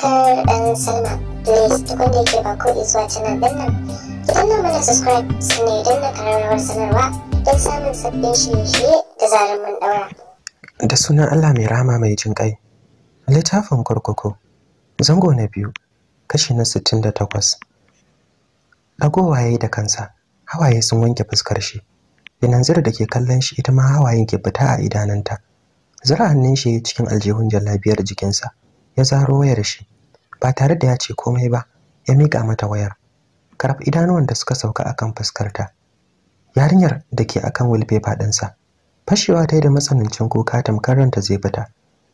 subscribe and sign up. Please tukun da yake ba ko zuwa canal din nan. Ki danna mana subscribe sannan idan na kararrawar sanarwa don samun sabbin shirye-shirye da zarar mun daura. Da sunan Allah mai rama mai jin ƙai. Littafin kurkuku. Zango na biyu. Kashi na 68. Dagowa yi da kansa. Hawaye sun wanke fuskar shi. Yananzir da ke kallon shi ita ma hawayen ke fita a idananta. Zira hannun shi cikin aljihun jallabiyar jikinsa. ya zaro wayar shi ba tare da ya ce komai ba ya miƙa mata wayar karf idanuwan da suka sauka akan fuskarta yarinyar da ke akan wulfefa ɗinsa fashewa ta yi da matsanancin kuka tamkar ranta zai fita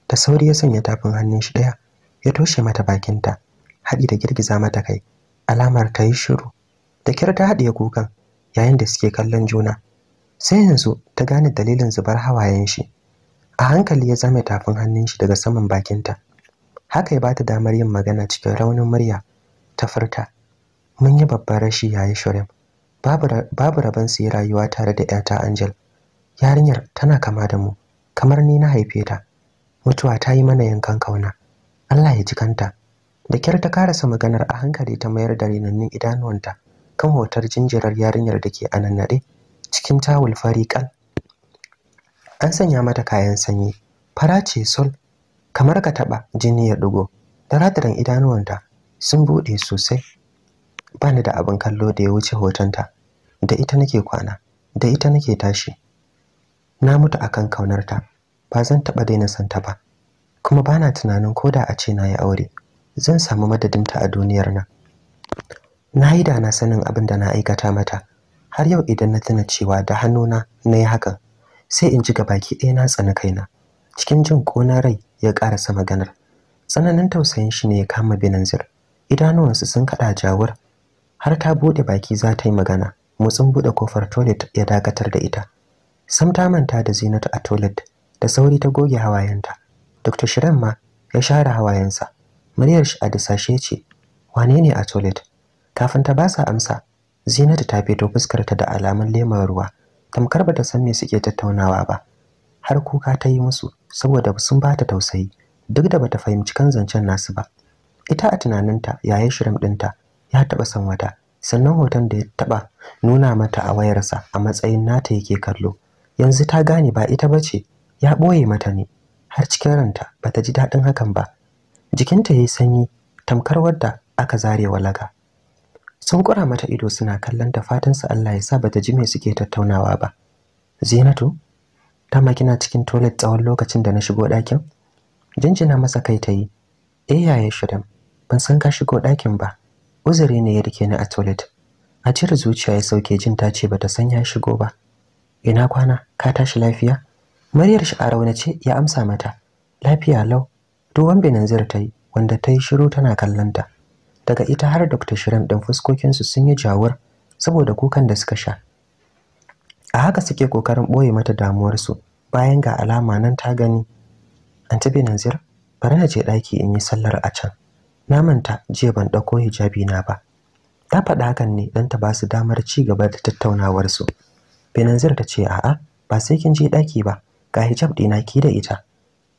da sauri ya sanya tafin hannun shi ɗaya ya toshe mata bakinta haɗi da girgiza mata kai alamar ta yi shiru da kyar ta haɗiye kukan yayin da suke kallon juna sai yanzu ta gane dalilin zubar hawayen shi a hankali ya zame tafin hannun shi daga saman bakinta haka ya bata damar yin magana cikin raunin murya ta furta mun yi babban rashi yayi shirin babu rabon su rayuwa tare da yata angel yarinyar tana kama da mu kamar ni na haife ta mutuwa ta yi mana yankan kauna allah ya ji kanta da kyar ta karasa maganar a hankali ta mayar da rinannin idanuwanta kan hotar jinjirar yarinyar da ke anannaɗe cikin tawul fari an sanya mata kayan sanyi fara ce sol kamar ka taɓa jini ya ɗigo daradaran idanuwanta sun buɗe sosai ba ni da abin kallo da ya wuce hotonta da ita nake kwana da ita nake tashi na mutu akan kaunarta ba zan taɓa daina santa ba kuma ba na tunanin ko da a ce na yi aure zan samu madadinta a duniyar nan na yi da na sanin abin da na aikata mata har yau idan na tuna cewa da hannuna na yi hakan sai in ji gabaki ɗaya na tsani kaina cikin jin ƙona rai ya ƙarasa maganar tsananin tausayin shi ne ya kama binanzir idanuwansu sun kada jawar har ta bude baki za ta yi magana motsin bude kofar toilet ya dakatar da ita sam ta manta da zinatu a toilet da sauri ta goge hawayenta dr shirin ma ya share hawayensa muryar shi a dasashe ce wane ne a toilet kafin ta basa amsa zinatu ta fito fuskarta da alamun lemar ruwa tamkar bata san me suke tattaunawa ba har kuka ta yi musu saboda sun ba ta tausayi duk da bata fahimci kan zancen nasu ba ita a tunaninta yayin shirin ɗinta ya taɓa san wata sannan hoton da ya taɓa nuna mata a wayarsa a matsayin nata yake kallo yanzu ta gane ba ita ba ce ya ɓoye mata ne har cikin ranta bata ji daɗin hakan ba jikinta ya yi sanyi tamkar wadda aka zare wa laga sun kura mata ido suna kallon ta fatan Allah ya sa bata ji me suke tattaunawa ba Zinatu dama kina cikin toilet tsawon lokacin da na shigo ɗakin jinjina masa kai ta yi eh yaya shirin ban san ka shigo ɗakin ba uzuri ne ya rike ni a toilet a cire zuciya ya sauke jin ta ce bata san ya shigo ba ina kwana ka tashi lafiya maryar shi a rauna ce ya amsa mata lafiya lau ruwan zir ta yi wanda ta yi shiru tana kallon ta daga ita har dr shirin ɗin fuskokinsu sun yi jawur saboda kukan da suka sha a haka suke kokarin ɓoye mata damuwarsu bayan ga alama nan ta gani anti binanzir bari na je ɗaki in yi sallar a can na manta jiya ban ɗauko hijabi na ba ta faɗa hakan ne don ta ba su damar ci gaba da tattaunawarsu binanzir ta ce a'a ba sai kin je ɗaki ba ga hijab ɗina ki da ita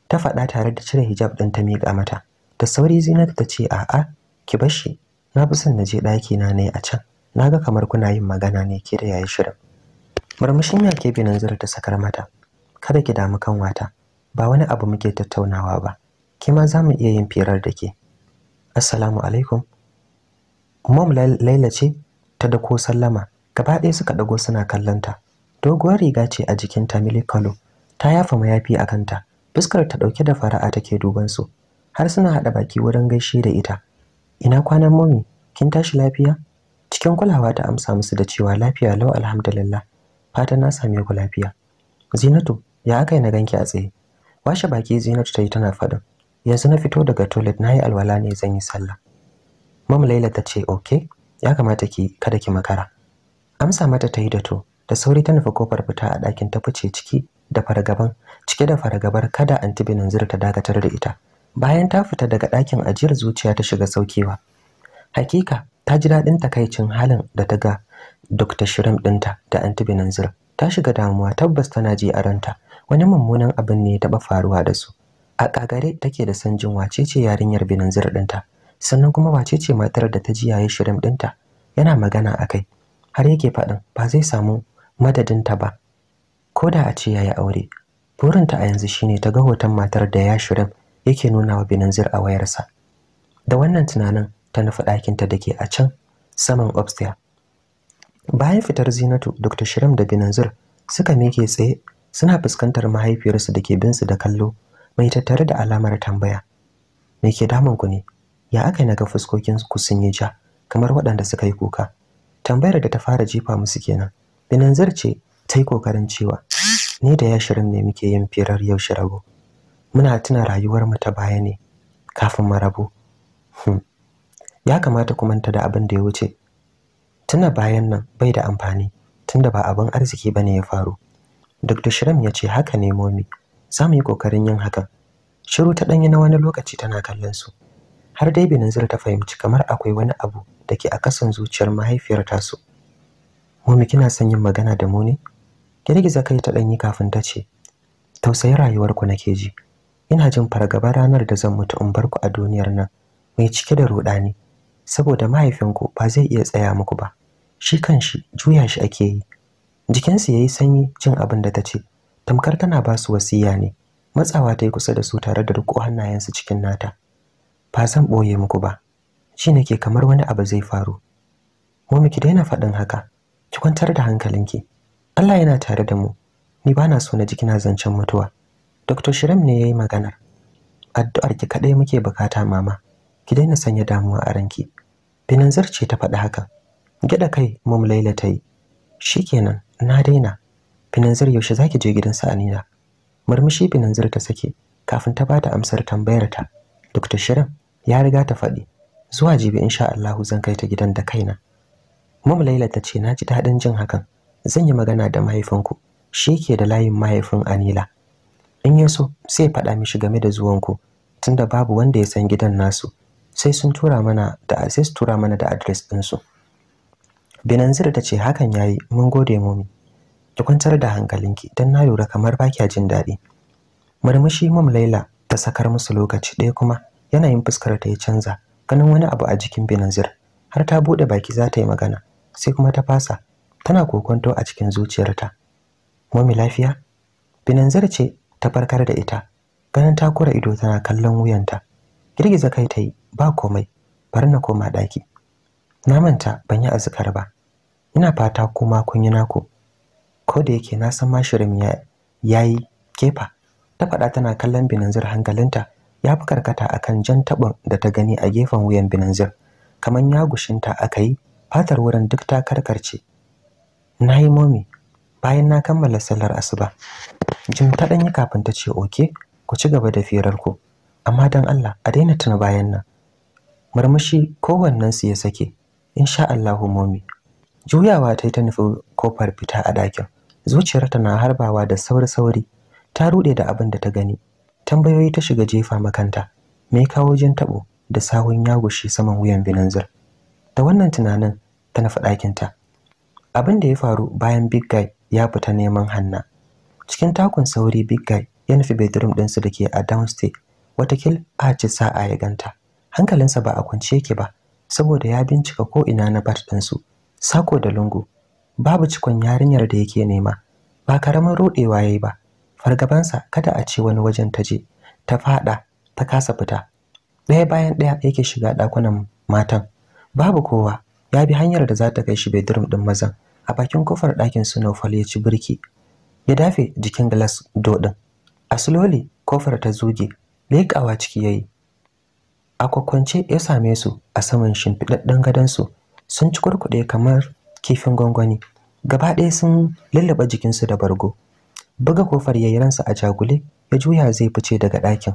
ta faɗa tare da cire hijab ɗin ta miƙa mata da sauri zinata ta ce a'a ki bar shi na fi son na je ɗaki na ne a can na ga kamar kuna yin magana ne ke da yayi shirin murmushin yake nan zira ta sakar mata kada ki damu kan wata ba wani abu muke tattaunawa ba ki ma za mu iya yin firar da ke assalamu alaikum mom laila ce ta dako sallama gaba ɗaya suka ɗago suna kallonta doguwar riga ce a jikin ta milikalo ta yafa mayafi a kanta fuskar ta ɗauke da fara'a take duban su har suna haɗa baki wurin gaishe da ita ina kwanan momi kin tashi lafiya cikin kulawa ta amsa musu da cewa lafiya lau alhamdulillah fata na same ku lafiya zinatu ya aka yi na ganki a tsaye washe baki zinatu ta yi tana faɗin yanzu na fito daga toilet na yi alwala ne zan yi sallah mam laila ta ce ok ya kamata ki kada ki makara amsa mata ta yi da to da sauri ta nufi kofar fita a ɗakin ta fice ciki da fargaban cike da fargabar kada antibinin zir ta dakatar da ita bayan ta fita daga ɗakin ajiyar zuciya ta shiga saukewa hakika ta ji daɗin takaicin halin da ta ga Dr. shirim shirin ɗinta da Antibi Nanzir Ta shiga damuwa tabbas tana ji a ranta. Wani mummunan abin ne ya taɓa faruwa da su. A kagare take da sanjin jin wacece yarinyar binanzir dinta, Sannan kuma wacece matar da ta ji yayi shirin ɗinta. Yana magana akai Har yake faɗin ba zai samu madadinta ba. Ko da a ce yayi aure. Burinta a yanzu shine ta ga hoton matar da ya shirin yake nuna wa binanzir a wayarsa. Da wannan tunanin ta nufi ɗakinta da ke a can saman upstairs bayan fitar zinatu dr shirim da binanzir suka meke tsaye suna fuskantar mahaifiyarsu da ke bin su da kallo mai tattare da alamar tambaya me ke damun ku ne ya aka naga fuskokin ku sun yi ja kamar waɗanda suka yi kuka tambayar da ta fara jifa musu kenan binanzir ce ta yi kokarin cewa ni da yashirin ne muke yin firar yau rabo muna tuna rayuwar mu ta baya ne kafin mu rabu hmm, ya kamata ku manta da abin da ya wuce tuna bayan nan bai da amfani tunda ba abin arziki bane ya faru Dr. Shiram ya ce haka ne momi za mu yi kokarin yin hakan shiru ta danyi na wani lokaci tana kallon su har dai zira ta fahimci kamar akwai wani abu da ke a kasan zuciyar mahaifiyar tasu momi kina son yin magana da mu ne girgiza kai ta danyi kafin ta ce tausayi rayuwarku nake ji ina jin fargaba ranar da zan mutu in bar ku a duniyar nan mai cike da rudani saboda mahaifinku ba zai iya tsaya muku ba shi kanshi juya shi ake yi jikinsu ya yi sanyi cin abin da ta ce tamkar tana ba su wasiya ne matsawa ta yi kusa da su tare da riko hannayensu cikin nata ba zan ɓoye muku ba shi nake kamar wani abu zai faru mu ki daina faɗin haka ki kwantar da hankalinki Allah yana tare da mu ni bana so na jikina zancen mutuwa Dr. Shiram ne ya yi maganar addu'ar ki kaɗai muke bukata mama ki daina sanya damuwa a ranki Binanzar ce ta faɗi haka gyaɗa kai mum laila ta yi shikenan na daina finanzir yaushe zaki je gidan anina murmushi finanzir ta sake kafin ta bata amsar tambayar ta Dr. Shirin ya riga ta faɗi zuwa jibi insha Allahu zan kai ta gidan da kaina mum laila ta ce na ji daɗin jin hakan zan yi magana da mahaifinku shi ke da layin mahaifin Anila in ya so sai faɗa mishi game da zuwanku tunda babu wanda ya san gidan nasu sai sun tura mana da sai tura mana da address ɗinsu Binanzir ta ce hakan yayi mun gode mumi. Ki kwantar da hankalinki dan na lura kamar ba kya jin daɗi. Murmushi mum Laila ta sakar musu lokaci ɗaya kuma yanayin fuskar ta ya canza ganin wani abu a jikin Binanzir har ta bude baki za ta yi magana sai kuma ta fasa tana kokonto a cikin zuciyarta. mumi lafiya? Binanzir ce ta farkar da ita ganin ta kura ido tana kallon wuyanta. Girgiza kai ta yi ba komai bari na koma ɗaki. na manta ban yi azkar ba ina fata kuma kun yi naku ko da yake na san mashirin ya yayi kefa ta faɗa tana kallon binanzir hankalinta ya fi karkata akan jan taɓin da ta gani a gefen wuyan binanzir kamar ya gushinta aka yi fatar wurin duk ta karkarce na yi momi bayan na kammala sallar asuba jim ta ɗanyi kafin ta ce oke ku ci gaba da firar ku. amma don allah a daina tuna bayan nan murmushi su ya sake insha Allahu momi juyawa ta yi ta nufi kofar fita a ɗakin zuciyarta na harbawa da sauri-sauri ta ruɗe da abin da ta gani tambayoyi ta shiga jefa makanta me kawo jin taɓo da sahun yagushi saman wuyan binanzir da wannan tunanin ta nufi ɗakinta abin da ya faru bayan big guy ya fita neman hanna cikin takun sauri big guy ya nufi bedroom ɗinsu da ke a downstate watakil a ci sa'a ya ganta hankalinsa ba a kwance yake ba saboda ya bincika ko ina na bat ɗinsu sako da lungu babu cikon yarinyar da yake nema ba karamin rodewa yayi ba fargabansa kada a ce wani wajen ta je ta fada ta kasa fita ɗaya bayan ɗaya yake shiga ɗakunan matan babu kowa ya bi hanyar da za ta kai shi bedroom ɗin mazan a bakin kofar ɗakin su Naufal ya ci birki ya dafe jikin glass doɗin. ɗin a slowly kofar ta zuge leƙawa ciki yayi a kwakwance ya same su a saman shimfiɗaɗɗen gadonsu sun ci kurkuɗe kamar kifin gwangwani gaba ɗaya sun lallaba jikinsu da bargo buga kofar yi ransa a jagule ya juya zai fice daga ɗakin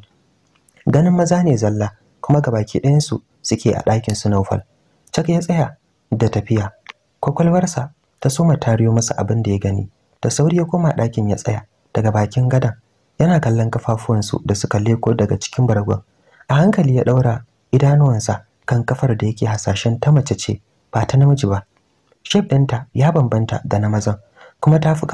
ganin maza ne zalla kuma gabaki ɗayansu suke a ɗakin su naufal cak ya tsaya da tafiya kwakwalwarsa ta soma tariyo masa abin da ya gani da sauri ya koma ɗakin ya tsaya daga bakin gadan yana kallon kafafuwansu da suka leko daga cikin bargon a hankali ya ɗaura idanuwansa kan kafar da yake hasashen ta mace ce ba ta namiji ba shef ɗinta ya bambanta da na mazan kuma ta fi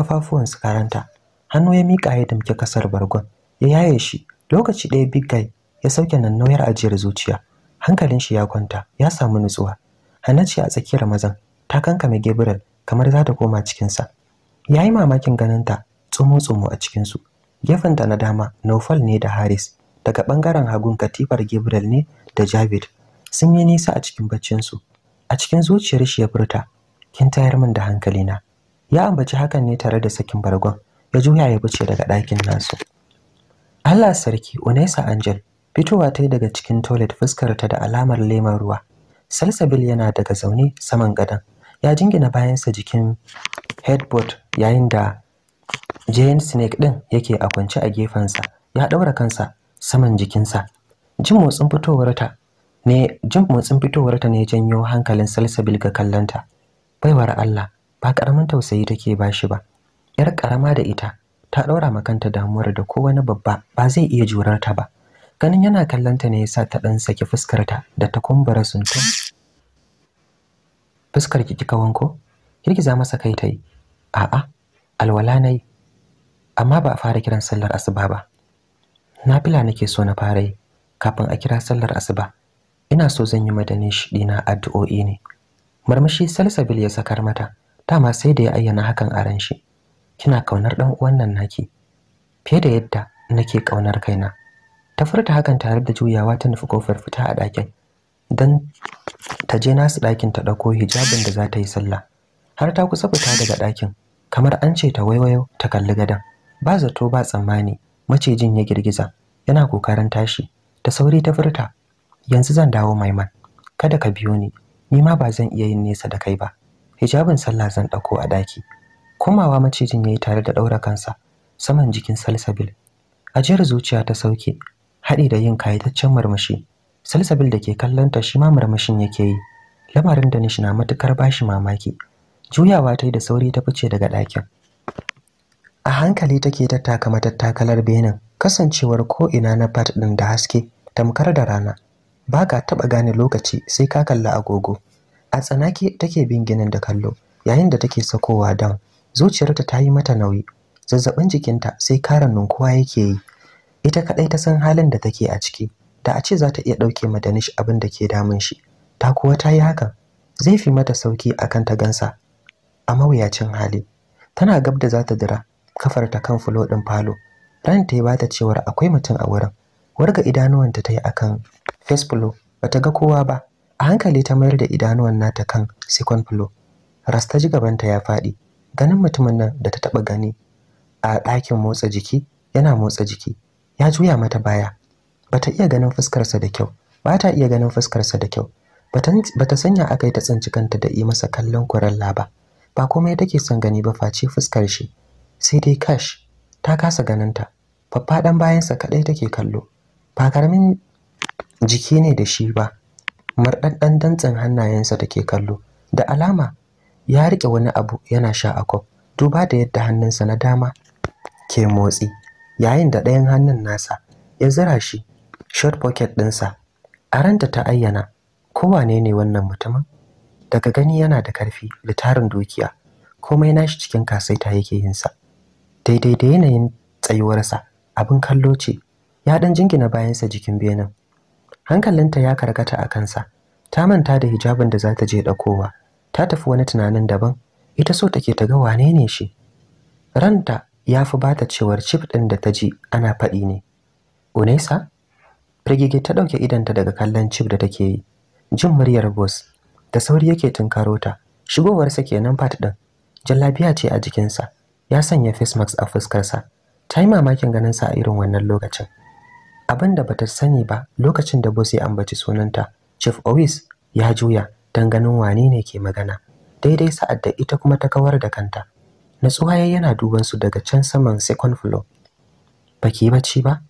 su karanta hannu ya miƙa ya damke kasar bargon ya yaye shi lokaci ɗaya big guy ya sauke nan nauyar ajiyar zuciya hankalin shi ya kwanta ya samu nutsuwa ce a tsakiyar mazan ta kankame gabriel kamar za ta koma cikinsa ya yi mamakin ganinta tsumo-tsumo a cikinsu gefenta na dama naufal ne da haris daga bangaren hagun katifar Gabriel ne da Javid sun yi nisa a cikin baccinsu a cikin zuciyar shi ya furta kin tayar min da hankali na?' ya ambaci hakan ne tare da sakin bargon ya juya ya fice daga ɗakin nasu Allah sarki Unesa Angel fitowa ta daga cikin toilet fuskar ta da alamar leman ruwa Salsabil yana daga zaune saman gadon ya jingina bayansa jikin headboard yayin da Jane Snake ɗin yake a kwance a gefensa ya ɗaura kansa saman jikinsa jin motsin fitowarta ne jin motsin fitowarta ne janyo hankalin salsabil ga kallonta baiwar Allah ba karamin tausayi take ba shi ba yar karama da ita ta daura makanta damuwar da ko wani babba ba zai iya jurar ta ba ganin yana kallonta ne yasa ta dan saki fuskar ta da ta kumbura suntum fuskar ki kika wanko za masa kai tai a'a alwala nayi amma ba a fara kiran sallar asuba ba na fila nake so na fara yi kafin a kira sallar asuba ina so zan yi madani ɗina addu'o'i ne marmashi salsabil ya sakar mata dama sai da ya ayyana hakan a ran shi kina kaunar dan uwan nan naki fiye da yadda nake kaunar kaina ta furta hakan tare da juyawa ta nufi kofar fita a ɗakin dan ta je nasu ɗakin ta ɗauko hijabin da za ta yi sallah har ta kusa fita daga ɗakin kamar an ce ta waiwayo ta kalli gadon ba zato ba tsammani macijin ya girgiza yana kokarin tashi da sauri ta furta yanzu zan dawo maiman kada ka biyo ni ni ma ba zan iya yin nesa da kai ba hijabin sallah zan ɗauko a daki komawa macijin yayi tare da ɗaura kansa saman jikin salsabil ajiyar zuciya ta sauke haɗi da yin kayataccen murmushi salsabil da ke kallonta shi ma murmushin yake yi lamarin da nishi na matukar bashi mamaki juyawa ta yi da sauri ta fice daga ɗakin a hankali take tattaka matattakalar benin kasancewar ko'ina na fat ɗin da haske tamkar da rana ba ka taɓa gane lokaci sai ka kalla agogo a tsanake take bin ginin da kallo yayin da take sakowa dan zuciyarta ta yi mata nauyi zazzaɓin jikinta sai karan nunkuwa yake yi ita kaɗai ta san halin da take a ciki da a ce za ta iya ɗauke ma abin da ke damun shi ta kuwa ta yi hakan zai fi mata sauki akan ta gansa a mawuyacin hali tana gab da za ta dira Kafar ta kan fulo ɗin falo ran ta ba ta cewar akwai mutum a wurin warga idanuwanta ta yi akan face ba bata ga kowa ba a hankali ta mayar da idanuwan nata kan second flo rasta ji gabanta ya faɗi ganin mutumin nan da ta taba gani a ɗakin motsa jiki yana motsa jiki ya juya mata baya bata iya ganin fuskarsa da kyau Bata iya ganin fuskarsa da kyau bata sanya aka yi ta tsinci kanta da yi masa kallon kurella ba ba komai take son gani ba face fuskar shi sai dai kash ta kasa ganinta faffaɗan bayansa kaɗai take kallo ba karamin jiki ne da shi ba marɗaɗɗan dantsin hannayensa take kallo da alama ya riƙe wani abu yana sha a kwaf duba da yadda hannunsa na dama ke motsi yayin da ɗayan hannun nasa ya zira shi short pocket ɗinsa a ranta ta ayyana kowane ne wannan mutumin daga gani yana da karfi da tarin dukiya komai nashi cikin kasaita yake yinsa daidai da yanayin tsayuwarsa abin kallo ce ya dan jingina bayansa jikin benin hankalinta ya karkata a kansa ta manta da hijabin da za ta je ɗakowa ta tafi wani tunanin daban ita so take ta ga wane ne shi ranta ya fi ba ta cewar cif ɗin da ta ji ana faɗi ne unesa firgige ta ɗauke idanta daga kallon cif da take yi jin muryar bos da sauri yake tunkaro ta shigowarsa kenan fat ɗin jallabiya ce a jikinsa ya sanya face mask a fuskarsa ta yi mamakin ganinsa a irin wannan lokacin abin da bata sani ba lokacin da boss ya ambaci sunanta chief owis ya juya don ganin wane ne ke magana daidai sa'ad da ita kuma ta kawar da kanta natsuwa ya yana duban su daga can saman second floor baki bacci ba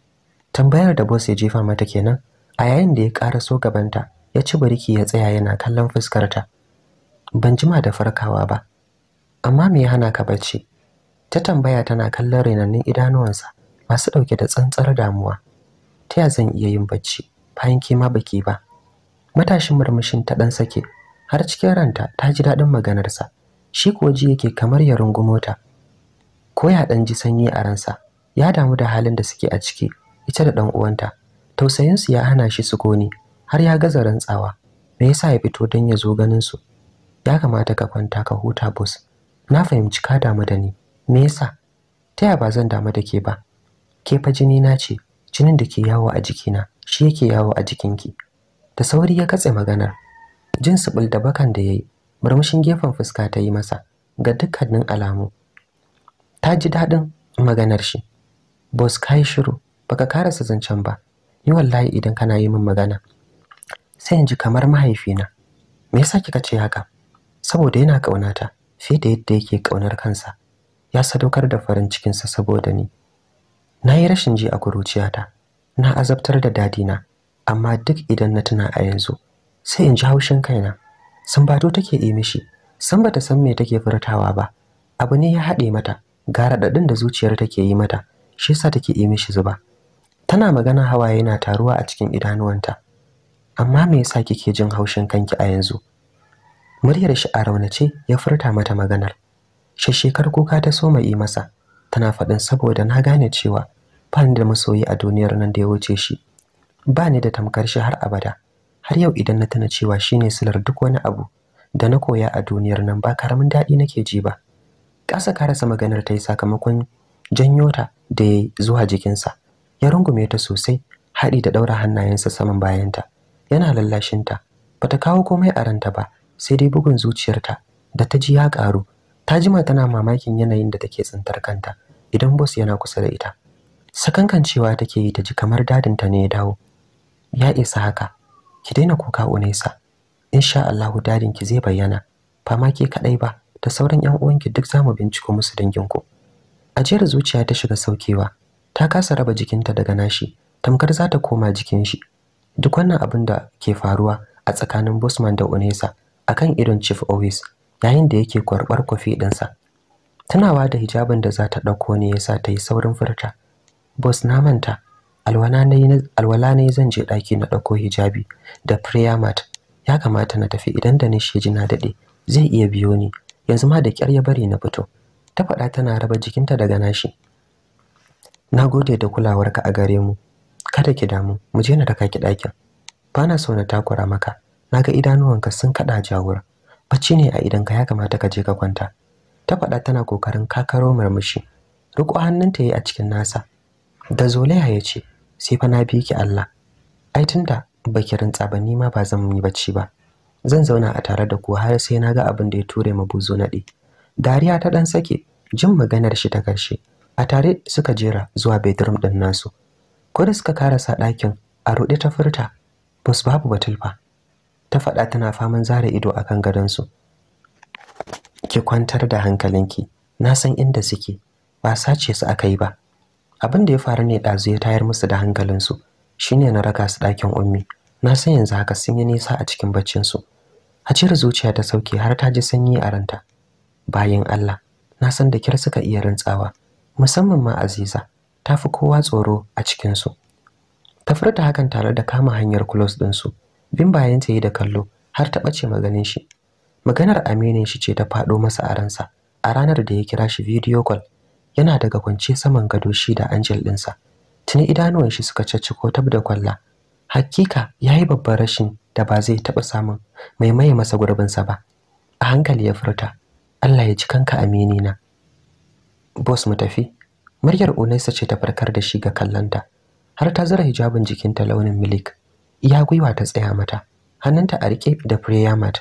tambayar da boss ya jefa mata kenan a yayin da ya ƙara so gabanta ya ci buriki ya tsaya yana kallon fuskarta ban jima da farkawa ba amma me ya hana ka bacci ta tambaya tana kallon rainannin idanuwansa masu ɗauke da tsantsar damuwa ta ya zan iya yin bacci bayan kima baki ba matashin murmushin ta ɗan sake har cikin ranta ta ji daɗin maganarsa shi kuwa ji yake kamar ya rungumo ta ko ya ɗan ji sanyi a ransa ya damu da halin da suke a ciki ita da ɗan uwanta tausayinsu ya hana shi su goni. har ya gaza rantsawa me yasa ya fito don ya zo ganin su ya kamata ka kwanta ka huta bus na fahimci ka damu da ni me yasa ta ya ba zan damu da ke ba ke fa jini na ce jinin da ke yawo a jikina shi yake yawo a jikinki da sauri ya katse maganar jin subul da bakan da yayi murmushin gefen fuska ta yi masa ga dukkanin alamu ta ji daɗin maganar shi bos kai shiru baka karasa zancen ba ni wallahi idan kana yi min magana sai in ji kamar mahaifina me yasa kika ce haka saboda yana ƙaunata fiye da yadda yake ƙaunar kansa ya sadaukar da farin cikinsa saboda ni na yi rashin ji a kuruciyata na azabtar da dadina amma duk idan na tuna a yanzu sai in ji haushin kaina sambato take yi mishi san bata san me take furtawa ba abu ne ya haɗe mata ga raɗaɗin da zuciyar take yi mata shi yasa take yi mishi zuba tana magana hawaye na taruwa a cikin idanuwanta amma me yasa kike jin haushin kanki a yanzu muryar shi a raunace ya furta mata maganar shashshekar kuka ta soma yi masa tana faɗin saboda na gane cewa ba da masoyi a duniyar nan da ya wuce shi ba ni da tamkar shi har abada har yau idan na tuna cewa shine silar duk wani abu da na koya a duniyar nan ba karamin daɗi nake ji ba ƙasa ka rasa maganar ta yi sakamakon janyo ta da ya zuwa jikinsa ya rungume ta sosai haɗi da ɗaura hannayensa saman bayanta yana lallashinta bata kawo komai a ranta ba sai dai bugun zuciyarta da ta ji ya ƙaru ta jima tana mamakin yanayin da take tsintar kanta idan bos yana kusa da ita sakankancewa take yi ta ji kamar dadin ta ne ya dawo ya isa haka ki daina kuka unaisa insha Allah ki zai bayyana ba ma ke kadai ba da sauran yan uwanki duk zamu binciko musu ku ajiyar zuciya ta shiga saukewa ta kasa raba jikinta daga nashi tamkar za ta koma jikin shi duk wannan abin da ke faruwa a tsakanin Bosman da Unesa akan irin Chief Owis yayin da yake kwarbar kwafi ɗinsa. Tunawa da hijabin da za ta ɗauko ne yasa ta yi saurin furta. Bos na manta, alwala ne zan je ɗaki na ɗauko hijabi da prayer Ya kamata na tafi idan da nishi ji na daɗe, zai iya biyo ni. Yanzu ma da kyar ya bari na fito. Ta faɗa tana raba jikinta daga nashi. Na gode da kulawarka a gare mu. Kada ki damu, mu je na raka ki ɗakin. Bana so na takura maka. Na ga idanuwanka sun kaɗa jawura bacci ne a idanka ya kamata ka je ka kwanta ta faɗa tana kokarin kakaro murmushi riko hannunta yayi a cikin nasa da zolaya ya ce sai fa na biki Allah ai tunda baki rintsa ba ni ma ba zan yi bacci ba zan zauna a tare da ku har sai na ga abin da ya ture ma buzo nade dariya ta ɗan sake jin maganar shi ta karshe a tare suka jera zuwa bedroom din nasu ko da suka karasa ɗakin a ruɗe ta furta bus babu batulfa ta faɗa tana faman zara ido a kan gadonsu ki kwantar da hankalinki na san inda suke ba sace su aka yi ba abin da ya faru ne ɗazu ya tayar musu da hankalinsu ne na raka su ɗakin ummi na san yanzu haka sun yi nisa a cikin baccinsu a cire zuciya ta sauke har ta ji sanyi a ranta bayan allah na san da kyar suka iya rantsawa musamman ma aziza ta fi kowa tsoro a cikinsu ta furta hakan tare da kama hanyar kulos ɗinsu bin bayan ta yi da kallo har ta ɓace maganin shi maganar aminin shi ce ta faɗo masa a ransa a ranar da ya kira shi video call yana daga kwance saman gado shi da angel ɗinsa tuni idanuwan shi suka cacciko tab da kwalla hakika ya yi babban rashin da ba zai taɓa samun mai maye masa gurbinsa ba a hankali ya furta Allah ya ci kanka aminina bos mu tafi muryar unaisa ce ta farkar da shi ga kallanta har ta zura hijabin jikinta launin milik Ya gwiwa ta tsaya mata hannunta a rike da prayer mat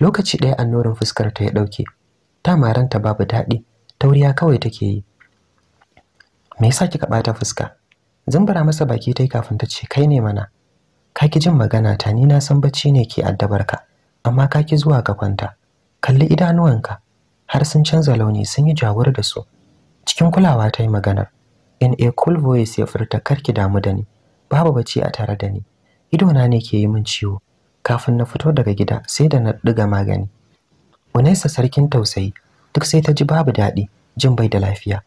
lokaci ɗaya annorin fuskar ta ya ɗauke Ta maranta babu daɗi tauriya kawai take yi me yasa kika ɓata fuska zambara masa baki ta yi kafin ta ce kai ne mana ka ki jin magana ta ni na san bacci ne ke addabar ka amma ka ki zuwa ka kwanta kalli idanuwanka har sun canza launi sun yi jawar da su cikin kulawa ta yi maganar in a cool voice ya furta karki damu da ni babu bacci a tare da ni idona ne ke yi min ciwo kafin na fito daga gida sai da na ɗiga magani unaisa sarkin tausayi duk sai ta ji babu daɗi jin bai da lafiya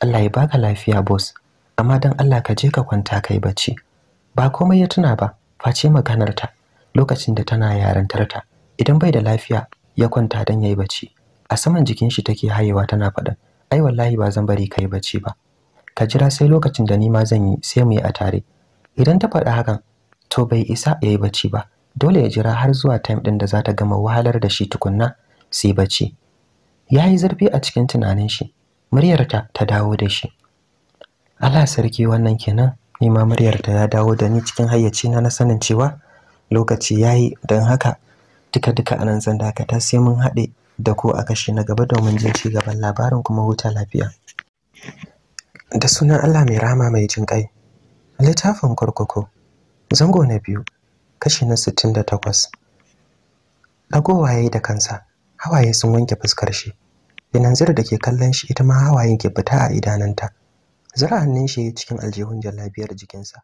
Allah ya baka lafiya Bos, amma don Allah ka je ka kwanta kai bacci ba komai ya tuna ba face maganarta lokacin da tana yarantarta idan bai da lafiya ya kwanta don ya yi bacci a saman jikin shi take hayewa tana faɗin ai wallahi ba zan bari kai bacci ba ka jira sai lokacin da ni ma zan yi sai mu yi a tare idan ta faɗi hakan To bai isa ya yi bacci ba dole ya jira har zuwa time ɗin da za ta gama wahalar da shi tukunna sai bacci ya yi zurfi a cikin tunanin shi muryarta ta dawo da shi Allah sarki wannan kenan ni ma muryarta ya dawo da ni cikin hayyaci na sanin cewa lokaci ya yi don haka duka duka anan zan dakata sai mun haɗe da ko a kashi na gaba domin jin ci gaban labarin kuma huta lafiya da sunan Allah mai rama mai jin kai littafin kurkuku zango na biyu kashi na sittin da 68 dagowa yayi da kansa hawaye sun wanke fuskar shi Binanzir da ke kallon shi ita ma hawayen ke fita a idananta zara hannun shi cikin aljihun jallabiyar jikinsa